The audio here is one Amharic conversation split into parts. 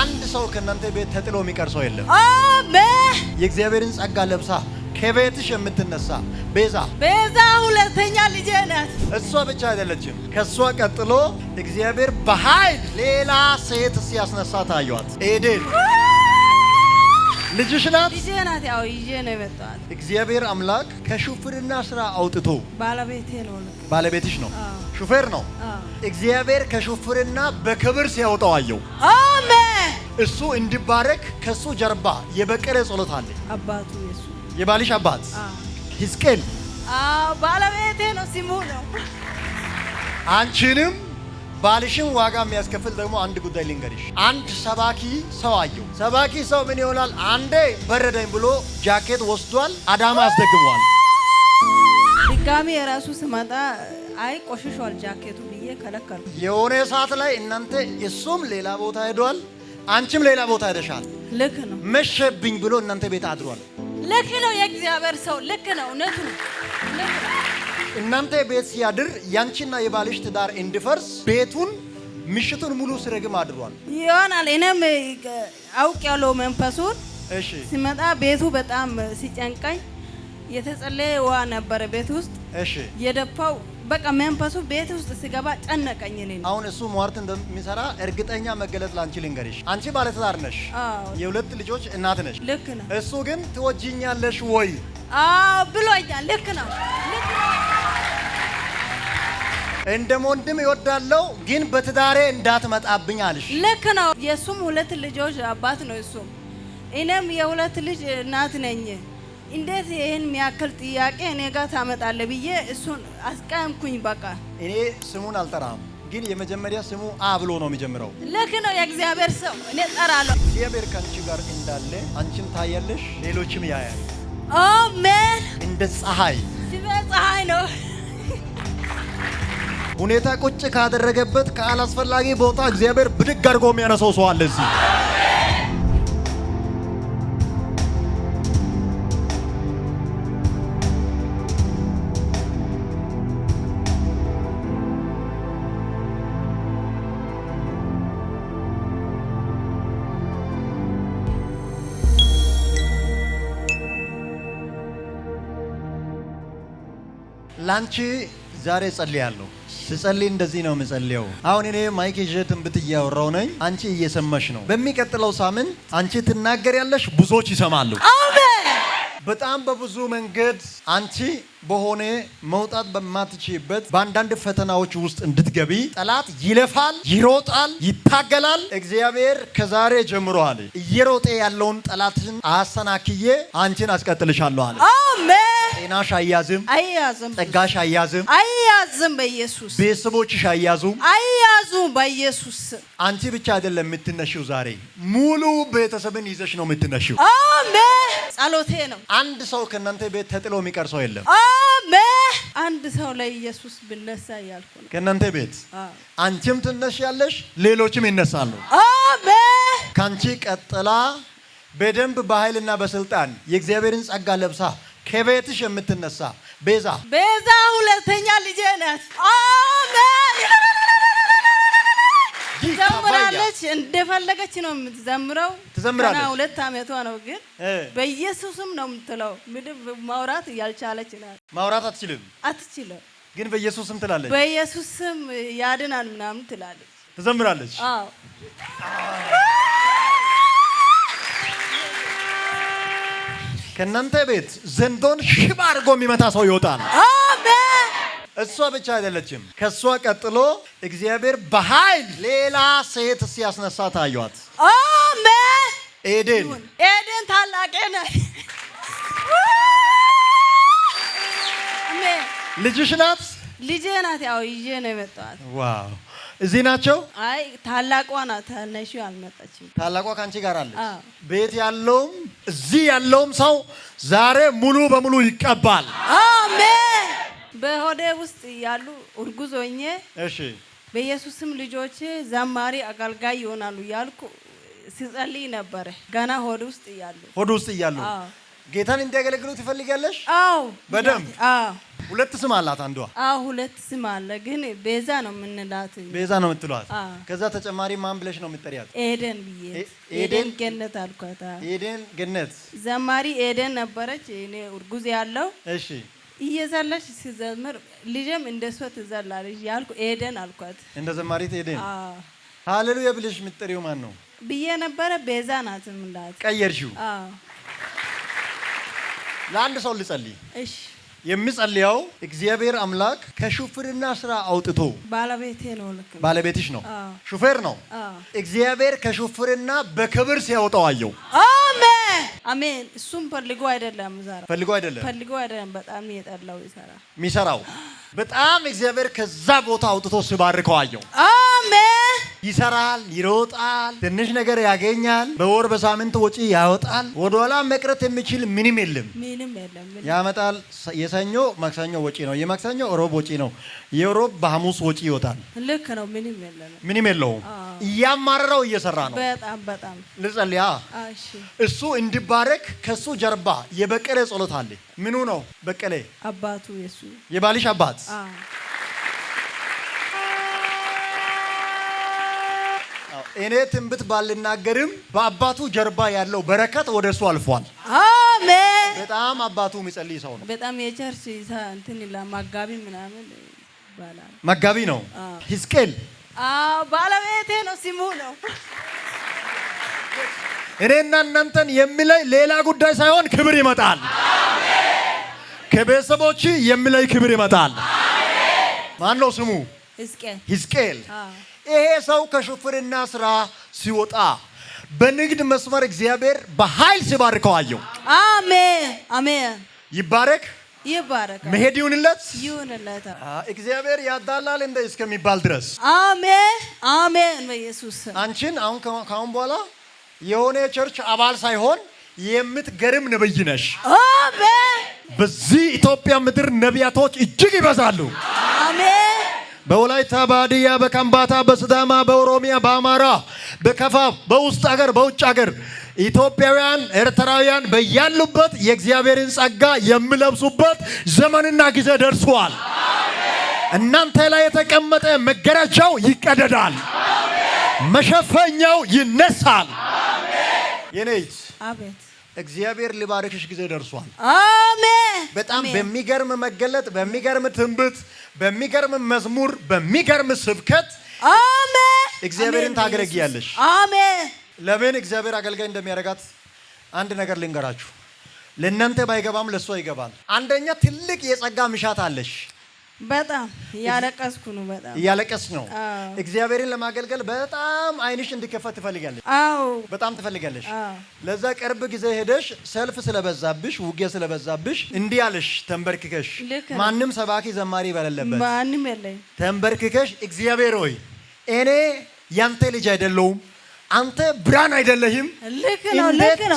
አንድ ሰው ከእናንተ ቤት ተጥሎ የሚቀር ሰው የለም። አሜን። የእግዚአብሔርን ጸጋ ለብሳ ከቤትሽ የምትነሳ ቤዛ ቤዛ ሁለተኛ ልጄ ናት። እሷ ብቻ አይደለችም። ከእሷ ቀጥሎ እግዚአብሔር በኃይል ሌላ ሴት ሲያስነሳ ታየዋት። ኤዴን ልጅሽ ናት። ልጄ ናት። ያው ይዤ ነው የመጣሁት። እግዚአብሔር አምላክ ከሹፍርና ስራ አውጥቶ ባለቤቴ ነው። ባለቤትሽ ነው፣ ሹፌር ነው። እግዚአብሔር ከሹፍርና በክብር ሲያወጣው አየው። አሜን እሱ እንዲባረክ ከሱ ጀርባ የበቀለ ጸሎት አለ። አባቱ ኢየሱስ የባልሽ አባት ሕዝቅኤል ባለቤቴ ነው ስሙ ነው። አንቺንም ባልሽን ዋጋ የሚያስከፍል ደግሞ አንድ ጉዳይ ልንገርሽ። አንድ ሰባኪ ሰው አየው። ሰባኪ ሰው ምን ይሆናል? አንዴ በረደኝ ብሎ ጃኬት ወስዷል፣ አዳማ አስደግሟል። ድጋሚ የራሱ ስመጣ አይ ቆሽሿል ጃኬቱ ብዬ ከለከልኩ። የሆነ ሰዓት ላይ እናንተ እሱም ሌላ ቦታ ሄዷል። አንቺም ሌላ ቦታ ሄደሻል። ልክ ነው። መሸብኝ ብሎ እናንተ ቤት አድሯል። ልክ ነው። የእግዚአብሔር ሰው ልክ ነው። እውነቱ እናንተ ቤት ሲያድር ያንቺና የባልሽ ትዳር እንዲፈርስ ቤቱን ምሽቱን ሙሉ ስረግም አድሯል ይሆናል። እኔም አውቅ ያለው መንፈሱን ሲመጣ ቤቱ በጣም ሲጨንቃኝ የተጸለየ ውሃ ነበረ ቤት ውስጥ የደፋው በቃ መንፈሱ ቤት ውስጥ ሲገባ ጨነቀኝ። እኔ አሁን እሱ ሟርት እንደሚሰራ እርግጠኛ መገለጽ ላንቺ ልንገርሽ። አንቺ ባለትዳር ነሽ፣ የሁለት ልጆች እናት ነሽ። ልክ ነው። እሱ ግን ትወጂኛለሽ ወይ ብሎኛል። ልክ ነው። እንደ ወንድም ይወዳለው ግን በትዳሬ እንዳትመጣብኝ አልሽ። ልክ ነው። የእሱም ሁለት ልጆች አባት ነው። እሱም እኔም የሁለት ልጅ እናት ነኝ። እንዴት ይህን የሚያክል ጥያቄ እኔ ጋር ታመጣለ ብዬ እሱን አስቀምኩኝ። በቃ እኔ ስሙን አልጠራም፣ ግን የመጀመሪያ ስሙ አ ብሎ ነው የሚጀምረው። ልክ ነው። የእግዚአብሔር ሰው እኔ ጠራለሁ። እግዚአብሔር ከአንቺ ጋር እንዳለ አንቺም ታያለሽ፣ ሌሎችም ያያል። ኦሜን። እንደ ፀሐይ ስበ ፀሐይ ነው ሁኔታ ቁጭ ካደረገበት ከአላስፈላጊ ቦታ እግዚአብሔር ብድግ አድርጎ የሚያነሳው ሰው አለ እዚህ ላንቺ ዛሬ ጸልያለሁ። ስጸልይ እንደዚህ ነው የምጸልየው። አሁን እኔ ማይክ ዠትን ብት እያወራው ነኝ፣ አንቺ እየሰማሽ ነው። በሚቀጥለው ሳምንት አንቺ ትናገር ያለሽ፣ ብዙዎች ይሰማሉ። በጣም በብዙ መንገድ አንቺ በሆነ መውጣት በማትችበት በአንዳንድ ፈተናዎች ውስጥ እንድትገቢ ጠላት ይለፋል፣ ይሮጣል፣ ይታገላል። እግዚአብሔር ከዛሬ ጀምሮ አለ እየሮጠ ያለውን ጠላትን አሰናክዬ አንቺን አስቀጥልሻለሁ አለ። ጤናሽ አያዝም፣ አያዝም። ጸጋሽ አያዝም፣ አያዝም። በኢየሱስ ቤተሰቦችሽ አያዙም፣ አያዙም። በኢየሱስ አንቺ ብቻ አይደለም የምትነሽው ዛሬ ሙሉ ቤተሰብን ይዘሽ ነው የምትነሽው። አሜን። ጸሎቴ ነው። አንድ ሰው ከእናንተ ቤት ተጥሎ የሚቀር ሰው የለም። አንድ ሰው ላይ ኢየሱስ ብነሳ እያልኩ ነው። ከእናንተ ቤት አንቺም ትነሻለሽ፣ ሌሎችም ይነሳሉ። አሜን። ካንቺ ቀጥላ በደንብ በኃይልና በስልጣን የእግዚአብሔርን ጸጋ ለብሳ ከቤትሽ የምትነሳ ቤዛ ቤዛ ሁለተኛ ልጄ ናት። አሜን። ዘምራለች፣ እንደፈለገች ነው የምትዘምረው። ትዘምራለች። ሁለት ዓመቷ ነው ግን በኢየሱስም ነው የምትለው። ምድብ ማውራት ያልቻለች ናት። ማውራት አትችልም አትችልም፣ ግን በኢየሱስም ትላለች። በኢየሱስም ያድናል ምናምን ትላለች፣ ትዘምራለች። አዎ ከእናንተ ቤት ዘንዶን ሽባ አድርጎ የሚመታ ሰው ይወጣል። እሷ ብቻ አይደለችም። ከእሷ ቀጥሎ እግዚአብሔር በኃይል ሌላ ሴት ሲያስነሳ ታዩት። ኤደን ኤደን ታላቅ ልጅሽ ናት። ልጄ ናት። ያው ይዤ ነው የመጣኋት። ዋው እዚህ ናቸው። አይ ታላቋ ናት። ተነሽ አልመጣችም። ታላቋ ከአንቺ ጋር አለች። ቤት ያለውም እዚህ ያለውም ሰው ዛሬ ሙሉ በሙሉ ይቀባል። አሜን። በሆዴ ውስጥ ያሉ እርጉዝ ሆኜ እሺ፣ በኢየሱስም ልጆች ዘማሪ አገልጋይ ይሆናሉ ያልኩ ሲጸልይ ነበረ። ገና ሆድ ውስጥ እያሉ ሆድ ውስጥ እያሉ ጌታን እንዲያገለግሉ ትፈልጋለሽ? አዎ፣ በደንብ ሁለት ስም አላት አንዷ። አዎ፣ ሁለት ስም አለ፣ ግን ቤዛ ነው የምንላት። ቤዛ ነው የምትሏት። ከዛ ተጨማሪ ማን ብለሽ ነው የምትጠሪያት? ኤደን ብዬ ኤደን ገነት አልኳታ። ኤደን ገነት ዘማሪ ኤደን ነበረች እኔ እርጉዝ ያለው። እሺ እየዘለች ሲዘምር ልጅም እንደሷ ትዘላለች ያልኩ ኤደን አልኳት። እንደ ዘማሪት ኤደን ሃሌሉያ ብለሽ የምትጠሪው ማን ነው ብዬ ነበረ። ቤዛ ናት ምላት ቀየርሽው። ለአንድ ሰው ልጸልይ እሺ የሚጸልየው እግዚአብሔር አምላክ ከሹፍርና ስራ አውጥቶ ባለቤቴ ነው። ልክ ባለቤትሽ ነው፣ ሹፌር ነው። እግዚአብሔር ከሹፍርና በክብር ሲያወጣው አየው። አሜን አሜን። እሱም ፈልጎ አይደለም፣ ፈልጎ አይደለም፣ ፈልጎ አይደለም። በጣም የጠላው ይሰራ የሚሰራው በጣም እግዚአብሔር ከዛ ቦታ አውጥቶ ሲባርከዋየው አሜን። ይሰራል፣ ይሮጣል፣ ትንሽ ነገር ያገኛል፣ በወር በሳምንት ወጪ ያወጣል። ወደኋላ መቅረት የሚችል ምንም የለም። ያመጣል። የሰኞ ማክሰኞ ወጪ ነው፣ የማክሰኞ ሮብ ወጪ ነው፣ የሮብ በሐሙስ ወጪ ይወጣል። ልክ ነው። ምንም የለውም። እያማረረው እየሰራ ነው። በጣም በጣም ልጸልያ። እሱ እንዲባረክ ከሱ ጀርባ የበቀለ ጸሎት አለ። ምኑ ነው በቀለ? አባቱ የባልሽ አባት እኔ ትንብት ባልናገርም በአባቱ ጀርባ ያለው በረከት ወደ እሱ አልፏል። አሜን። በጣም አባቱ የሚጸልይ ሰው ነው። በጣም የቸርች እንትን ማጋቢ ምናምን መጋቢ ነው። ሂዝቅኤል ባለቤቴ ነው። ስሙ ነው። እኔና እናንተን የሚለይ ሌላ ጉዳይ ሳይሆን ክብር ይመጣል። ከቤተሰቦች የሚለይ ክብር ይመጣል። ማን ነው ስሙ? ሕዝቅኤል። ይሄ ሰው ከሹፍርና ስራ ሲወጣ በንግድ መስመር እግዚአብሔር በኃይል ሲባርከዋየው። አሜን አሜን። ይባረክ ይባረካል። መሄድ ይሁንለት ይሁንለት። እግዚአብሔር ያዳላል እንደ እስከሚባል ድረስ አሜን አሜን። በኢየሱስ አንቺን አሁን ካሁን በኋላ የሆነ የቸርች አባል ሳይሆን የምትገርም ነብይ ነሽ። አሜን። በዚህ ኢትዮጵያ ምድር ነቢያቶች እጅግ ይበዛሉ። አሜን። በወላይታ፣ በሀዲያ፣ በከምባታ፣ በስዳማ፣ በኦሮሚያ፣ በአማራ፣ በከፋ፣ በውስጥ ሀገር፣ በውጭ ሀገር ኢትዮጵያውያን፣ ኤርትራውያን በያሉበት የእግዚአብሔርን ጸጋ የሚለብሱበት ዘመንና ጊዜ ደርሷል። እናንተ ላይ የተቀመጠ መጋረጃው ይቀደዳል፣ መሸፈኛው ይነሳል። የኔት እግዚአብሔር ሊባርክሽ ጊዜ ደርሷል። አሜን። በጣም በሚገርም መገለጥ፣ በሚገርም ትንብት፣ በሚገርም መዝሙር፣ በሚገርም ስብከት አሜን። እግዚአብሔርን ታገለግያለሽ። አሜን። ለምን እግዚአብሔር አገልጋይ እንደሚያደርጋት አንድ ነገር ልንገራችሁ። ለእናንተ ባይገባም ለእሷ ይገባል። አንደኛ ትልቅ የጸጋ ምሻት አለሽ። በጣም እያለቀስኩ ነው። በጣም እያለቀስ ነው። እግዚአብሔርን ለማገልገል በጣም አይንሽ እንዲከፈት ትፈልጋለሽ። አዎ በጣም ትፈልጋለሽ። ለዛ ቅርብ ጊዜ ሄደሽ ሰልፍ ስለበዛብሽ፣ ውጊያ ስለበዛብሽ እንዲህ አለሽ ተንበርክከሽ፣ ማንም ሰባኪ ዘማሪ በሌለበት ማንም የለኝ ተንበርክከሽ፣ እግዚአብሔር ሆይ እኔ ያንተ ልጅ አይደለውም። አንተ ብርሃን አይደለህም። እንዴት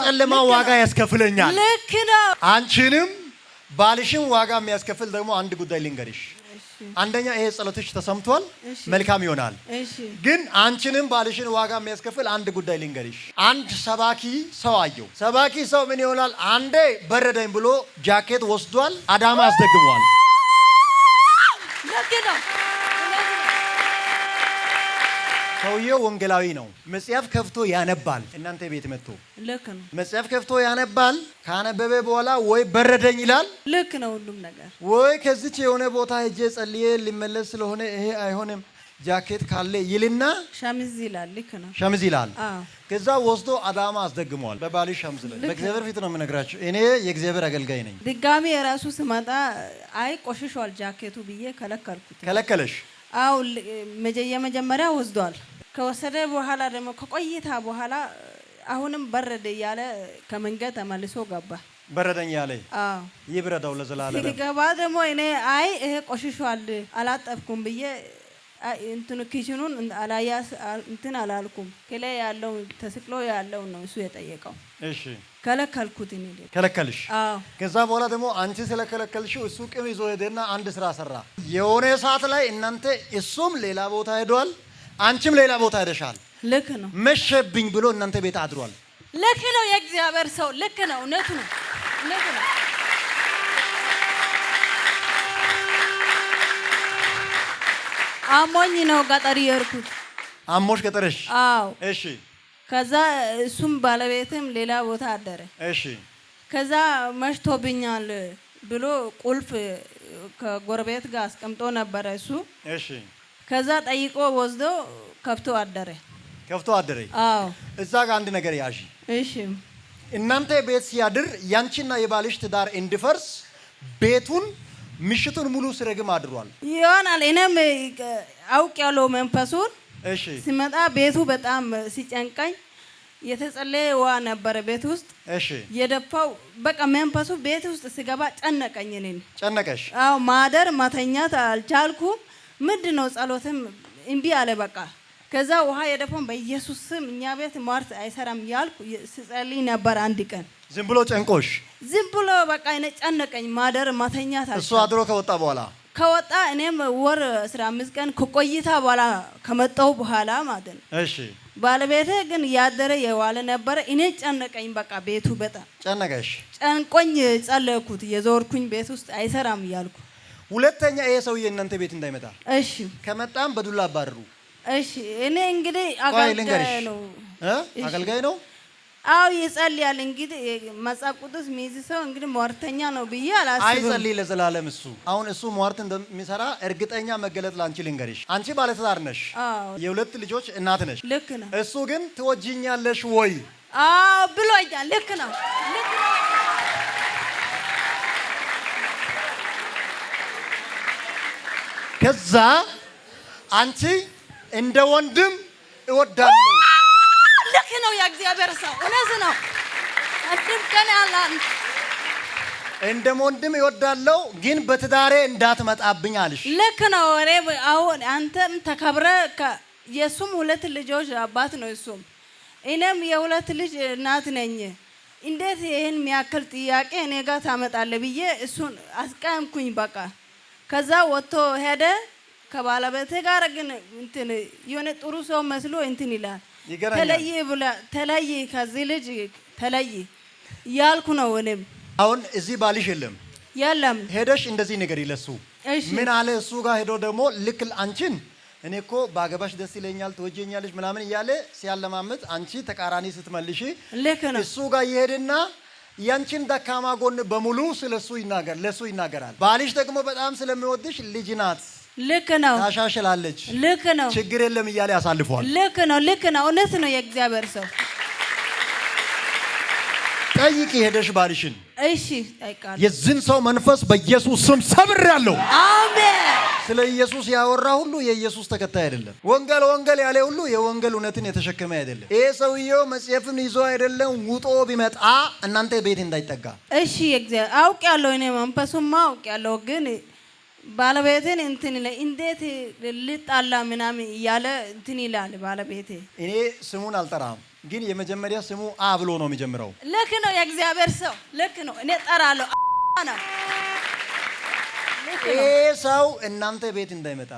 ጨለማ ዋጋ ያስከፍለኛል? ልክ ነው። አንቺንም ባልሽን ዋጋ የሚያስከፍል ደግሞ አንድ ጉዳይ ልንገርሽ። አንደኛ ይሄ ጸሎትሽ ተሰምቷል፣ መልካም ይሆናል። ግን አንቺንም ባልሽን ዋጋ የሚያስከፍል አንድ ጉዳይ ልንገርሽ። አንድ ሰባኪ ሰው አየው። ሰባኪ ሰው ምን ይሆናል? አንዴ በረደኝ ብሎ ጃኬት ወስዷል፣ አዳማ ያስደግመዋል። ሰውየው ወንጌላዊ ነው። መጽሐፍ ከፍቶ ያነባል። እናንተ ቤት መጥቶ ልክ ነው። መጽሐፍ ከፍቶ ያነባል። ካነበበ በኋላ ወይ በረደኝ ይላል። ልክ ነው። ሁሉም ነገር ወይ ከዚች የሆነ ቦታ ሄጄ ጸልዬ ሊመለስ ስለሆነ ይሄ አይሆንም ጃኬት ካለ ይልና ሸሚዝ ይላል። ልክ ነው። ሸሚዝ ይላል። ከዛ ወስዶ አዳማ አስደግመዋል። በባሊ ሸምዝ ላይ በእግዚአብሔር ፊት ነው የምነግራቸው። እኔ የእግዚአብሔር አገልጋይ ነኝ። ድጋሚ የራሱ ስመጣ አይ ቆሽሿል ጃኬቱ ብዬ ከለከልኩት። ከለከለሽ አው መጀመሪያ ወስዷል። ከወሰደ በኋላ ደግሞ ከቆይታ በኋላ አሁንም በረደ እያለ ከመንገድ ተመልሶ ገባ። በረደኝ ያለ ይብረደው ለዘላለም። ሲገባ ደግሞ እኔ አይ ይሄ ቆሽሿል አላጠብኩም ብዬ እንትኑ ኪችኑን አላያስ እንትን አላልኩም። ከላ ያለው ተስቅሎ ያለው ነው እሱ የጠየቀው። እሺ ከለከልኩት እኔ ከለከልሽ። አዎ። ከዛ በኋላ ደግሞ አንቺ ስለከለከልሽው እሱ ቅም ይዞ ሄደና አንድ ስራ ሰራ። የሆነ ሰዓት ላይ እናንተ እሱም ሌላ ቦታ ሄዷል፣ አንቺም ሌላ ቦታ ሄደሻል። ልክ ነው። መሸብኝ ብሎ እናንተ ቤት አድሯል። ልክ ነው። የእግዚአብሔር ሰው ልክ ነው። እውነቱ ነው። እውነቱ ነው። አሞኝ ነው ገጠር የሄድኩት። አሞሽ ገጠርሽ? አዎ። እሺ። ከዛ እሱም ባለቤትም ሌላ ቦታ አደረ። እሺ። ከዛ መሽቶብኛል ብሎ ቁልፍ ከጎረቤት ጋር አስቀምጦ ነበረ እሱ። እሺ። ከዛ ጠይቆ ወስዶ ከብቶ አደረ። ከብቶ አደረ። አዎ። እዛ ጋር አንድ ነገር ያዥ። እሺ። እናንተ ቤት ሲያድር ያንቺና የባልሽ ትዳር እንዲፈርስ ቤቱን ምሽቱን ሙሉ ስረግም አድሯል ይሆናል። እኔም አውቅ ያለው መንፈሱን ሲመጣ ቤቱ በጣም ሲጨንቀኝ የተጸለየ ውሃ ነበረ ቤት ውስጥ እሺ የደፋው በቃ መንፈሱ ቤት ውስጥ ስገባ ጨነቀኝ። እኔን ጨነቀሽ? አዎ ማደር ማተኛት አልቻልኩም። ምንድን ነው ጸሎትም እምቢ አለ በቃ ከዛ ውሃ የደፈውን በኢየሱስ ስም እኛ ቤት ሟርት አይሰራም ያልኩ ስጸልይ ነበር። አንድ ቀን ዝም ብሎ ጨንቆሽ፣ ዝም ብሎ በቃ እኔ ጨነቀኝ ማደር ማተኛት። እሱ አድሮ ከወጣ በኋላ ከወጣ እኔም ወር አስራ አምስት ቀን ከቆይታ በኋላ ከመጣሁ በኋላ ማለት ነው። እሺ ባለቤቴ ግን ያደረ የዋለ ነበረ። እኔ ጨነቀኝ፣ በቃ ቤቱ በጣም ጨነቀሽ። ጨንቆኝ ጸለኩት፣ የዞርኩኝ ቤት ውስጥ አይሰራም ያልኩ። ሁለተኛ ይሄ ሰውዬ እናንተ ቤት እንዳይመጣ። እሺ ከመጣም በዱላ አባረሩ። እሺ እኔ እንግዲህ አገልጋይ ነው አገልጋይ ነው። አዎ ይጸልያል። እንግዲህ መጽሐፍ ቅዱስ የሚይዝ ሰው እንግዲህ ሟርተኛ ነው ብዬ አላስብም። አይጸልይ ለዘላለም እሱ አሁን እሱ ሟርት እንደሚሰራ እርግጠኛ መገለጥ ለአንቺ ልንገርሽ። አንቺ ባለትዳር ነሽ፣ የሁለት ልጆች እናት ነሽ። ልክ ነው። እሱ ግን ትወጂኛለሽ ወይ ብሎኛል። ልክ ነው። ከዛ አንቺ እንደ ወንድም እወዳለሁ። ልክ ነው። የእግዚአብሔር ሰው እውነት ነው። እንደ ወንድም እወዳለሁ፣ ግን በትዳሬ እንዳትመጣብኝ አልሽ። ልክ ነው። እኔ አሁን አንተም ተከብረ የእሱም ሁለት ልጆች አባት ነው። እሱም እኔም የሁለት ልጅ እናት ነኝ። እንዴት ይህን የሚያክል ጥያቄ እኔ ጋር ታመጣለህ ብዬ እሱን አስቀምኩኝ። በቃ ከዛ ወጥቶ ሄደ። ከባለቤትህ ጋር ግን እንትን የሆነ ጥሩ ሰው መስሎ እንትን ይላል። ተለይ ብላ ተለይ ከዚህ ልጅ ተለይ ያልኩ ነው። እኔም አሁን እዚህ ባልሽ የለም የለም ሄደሽ እንደዚህ ነገር ይለሱ ምን አለ እሱ ጋር ሄዶ ደግሞ ልክ አንቺን እኔ እኮ ባገባሽ ደስ ይለኛል ትወጀኛለሽ ምናምን እያለ ሲያለማምጥ አንቺ ተቃራኒ ስትመልሽ ልክ ነው እሱ ጋር ይሄድና ያንቺን ደካማ ጎን በሙሉ ስለሱ ይናገር ለሱ ይናገራል። ባልሽ ደግሞ በጣም ስለሚወድሽ ልጅ ናት ልክ ነው። ታሻሽላለች። ልክ ነው። ችግር የለም እያለ ያሳልፈዋል። ልክ ነው። ልክ ነው። እውነት ነው። የእግዚአብሔር ሰው ጠይቅ ሄደሽ ባልሽን። እሺ ጠይቃለሁ። የዚህን ሰው መንፈስ በኢየሱስ ስም ሰብሬያለሁ። አሜን። ስለ ኢየሱስ ያወራ ሁሉ የኢየሱስ ተከታይ አይደለም። ወንጌል ወንጌል ያለ ሁሉ የወንጌል እውነትን የተሸከመ አይደለም። ይሄ ሰውየው መጽሐፍን ይዞ አይደለም ውጦ ቢመጣ እናንተ ቤት እንዳይጠጋ። እሺ አውቅ ያለው እኔ መንፈሱማ አውቅ ያለው ግን ባለቤቴን እንትን ይለ እንዴት ልጣላ ምናምን እያለ እንትን ይላል ባለቤቴ። እኔ ስሙን አልጠራም፣ ግን የመጀመሪያ ስሙ አ ብሎ ነው የሚጀምረው። ልክ ነው፣ የእግዚአብሔር ሰው ልክ ነው። እኔ ጠራለሁ ነው ይህ ሰው እናንተ ቤት እንዳይመጣ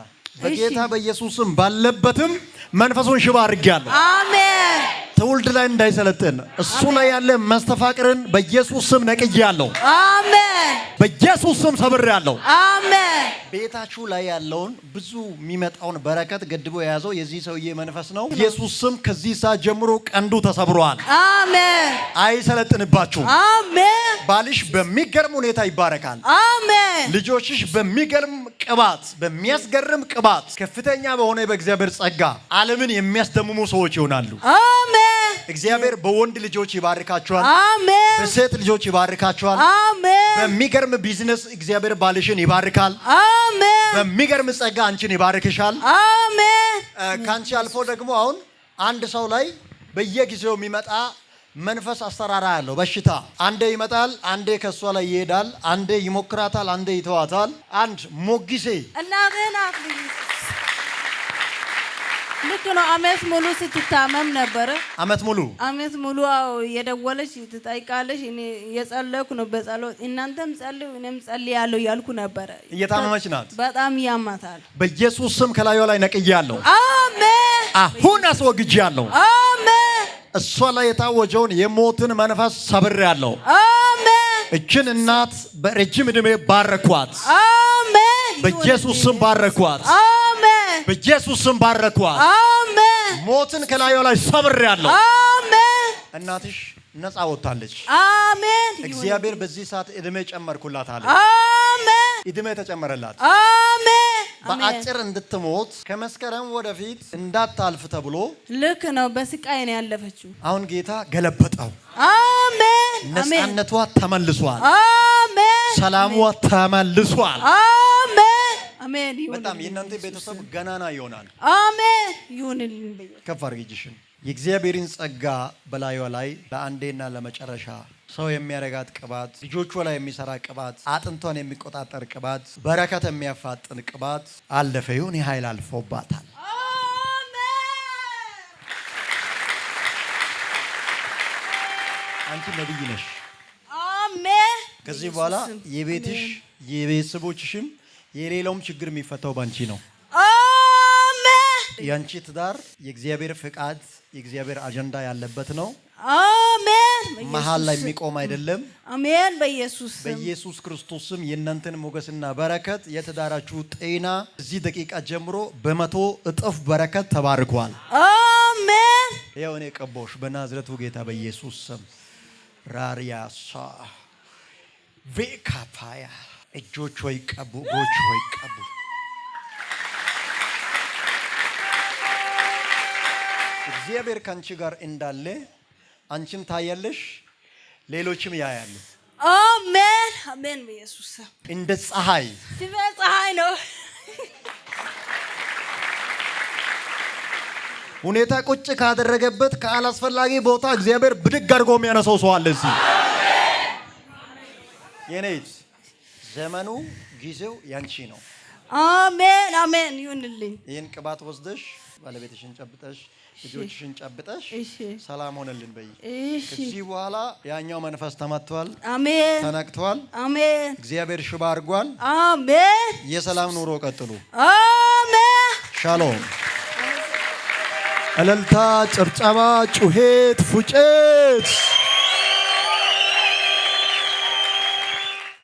በጌታ በኢየሱስም ባለበትም መንፈሱን ሽባ አድርጌያለሁ። አሜን። ትውልድ ላይ እንዳይሰለጥን እሱ ላይ ያለ መስተፋቅርን በኢየሱስም ስም ነቅያለሁ። አሜን። በኢየሱስም ስም ሰብሬያለሁ። አሜን። ቤታችሁ ላይ ያለውን ብዙ የሚመጣውን በረከት ገድቦ የያዘው የዚህ ሰውዬ መንፈስ ነው። ኢየሱስም ስም ከዚህ ሰዓት ጀምሮ ቀንዱ ተሰብሯል። አሜን። አይሰለጥንባችሁም። አሜን። ባልሽ በሚገርም ሁኔታ ይባረካል። አሜን። ልጆችሽ በሚገርም ቅባት በሚያስገርም ቅባት ከፍተኛ በሆነ በእግዚአብሔር ጸጋ ዓለምን የሚያስደምሙ ሰዎች ይሆናሉ። አሜን። እግዚአብሔር በወንድ ልጆች ይባርካችኋል። አሜን። በሴት ልጆች ይባርካችኋል። አሜን። በሚገርም ቢዝነስ እግዚአብሔር ባልሽን ይባርካል። አሜን። በሚገርም ጸጋ አንቺን ይባርክሻል። አሜን። ከአንቺ አልፎ ደግሞ አሁን አንድ ሰው ላይ በየጊዜው የሚመጣ መንፈስ አሰራራ ያለው በሽታ አንዴ ይመጣል፣ አንዴ ከእሷ ላይ ይሄዳል፣ አንዴ ይሞክራታል፣ አንዴ ይተዋታል። አንድ ሞጊሴ እና ልክ ነው። አመት ሙሉ ስትታመም ነበረ። አመት ሙሉ አመት ሙሉ አዎ፣ የደወለች ትጠይቃለች። እኔ የጸለኩ ነው በጸሎት እናንተም ጸልዩ እኔም ጸልያለሁ ያልኩ ነበረ። እየታመመች ናት፣ በጣም ያማታል። በኢየሱስ ስም ከላዩ ላይ ነቅያለሁ፣ አሜን። አሁን አስወግጄያለሁ። እሷ ላይ የታወጀውን የሞትን መንፈስ ሰብር ያለው። እችን እናት በረጅም ዕድሜ ባረኳት። አሜን። ስም ባረኳት። አሜን። በኢየሱስ ስም ባረኳት። ሞትን ከላዩ ላይ ሰብሬያለሁ። አሜን። እናትሽ ነፃ ወጥታለች። አሜን። እግዚአብሔር በዚህ ሰዓት እድሜ ጨመርኩላት አለ። አሜን። ዕድሜ ተጨመረላት። አሜን። በአጭር እንድትሞት ከመስከረም ወደፊት እንዳታልፍ ተብሎ ልክ ነው። በስቃይ ነው ያለፈችው። አሁን ጌታ ገለበጠው። አሜን። ነፃነቷ ተመልሷል። አሜን። ሰላሟ ተመልሷል። አሜን። በጣም የእናንተ ቤተሰብ ገናና ይሆናል። አሜን። ከፍ አድርጊ እጅሽን። የእግዚአብሔርን ጸጋ በላዩ ላይ ለአንዴና ለመጨረሻ ሰው የሚያረጋት ቅባት፣ ልጆቹ ላይ የሚሰራ ቅባት፣ አጥንቷን የሚቆጣጠር ቅባት፣ በረከት የሚያፋጥን ቅባት አለፈ። ይሁን የኃይል አልፎባታል። አንቺ ነብይ ነሽ። ከዚህ በኋላ የቤትሽ የቤተሰቦችሽም የሌላውም ችግር የሚፈታው ባንቺ ነው። የአንቺ ትዳር የእግዚአብሔር ፍቃድ የእግዚአብሔር አጀንዳ ያለበት ነው። አሜን። መሀል ላይ የሚቆም አይደለም። አሜን። በኢየሱስ በኢየሱስ ክርስቶስ የእናንተን ሞገስና በረከት የተዳራችሁ ጤና እዚህ ደቂቃ ጀምሮ በመቶ እጥፍ በረከት ተባርኳል። አሜን። ያው እኔ ቀቦሽ በናዝረቱ ጌታ በኢየሱስ ስም ራሪያሳ ቬካፓያ እጆች ሆይ ቀቡ፣ እግሮች ሆይ ቀቡ። እግዚአብሔር ከአንቺ ጋር እንዳለ አንቺም ታያለሽ፣ ሌሎችም ያያሉ። አሜን አሜን። በኢየሱስ እንደ ፀሐይ ፀሐይ ነው። ሁኔታ ቁጭ ካደረገበት ከአላስፈላጊ ቦታ እግዚአብሔር ብድግ አድርጎ የሚያነሳው ሰው አለ። እዚህ የኔ ዘመኑ ጊዜው ያንቺ ነው። አሜን አሜን ይሁንልኝ። ይህን ቅባት ወስደሽ ባለቤትሽን ጨብጠሽ ልጆችሽን ጨብጠሽ ሰላም ሆነልን በይ። ከዚህ በኋላ ያኛው መንፈስ ተመቷል አሜን ተነቅቷል፣ አሜን እግዚአብሔር ሽባ አድርጓል። አሜን የሰላም ኑሮ ቀጥሉ። አሜን ሻሎም። እልልታ፣ ጭብጨባ፣ ጩሄት ፉጨት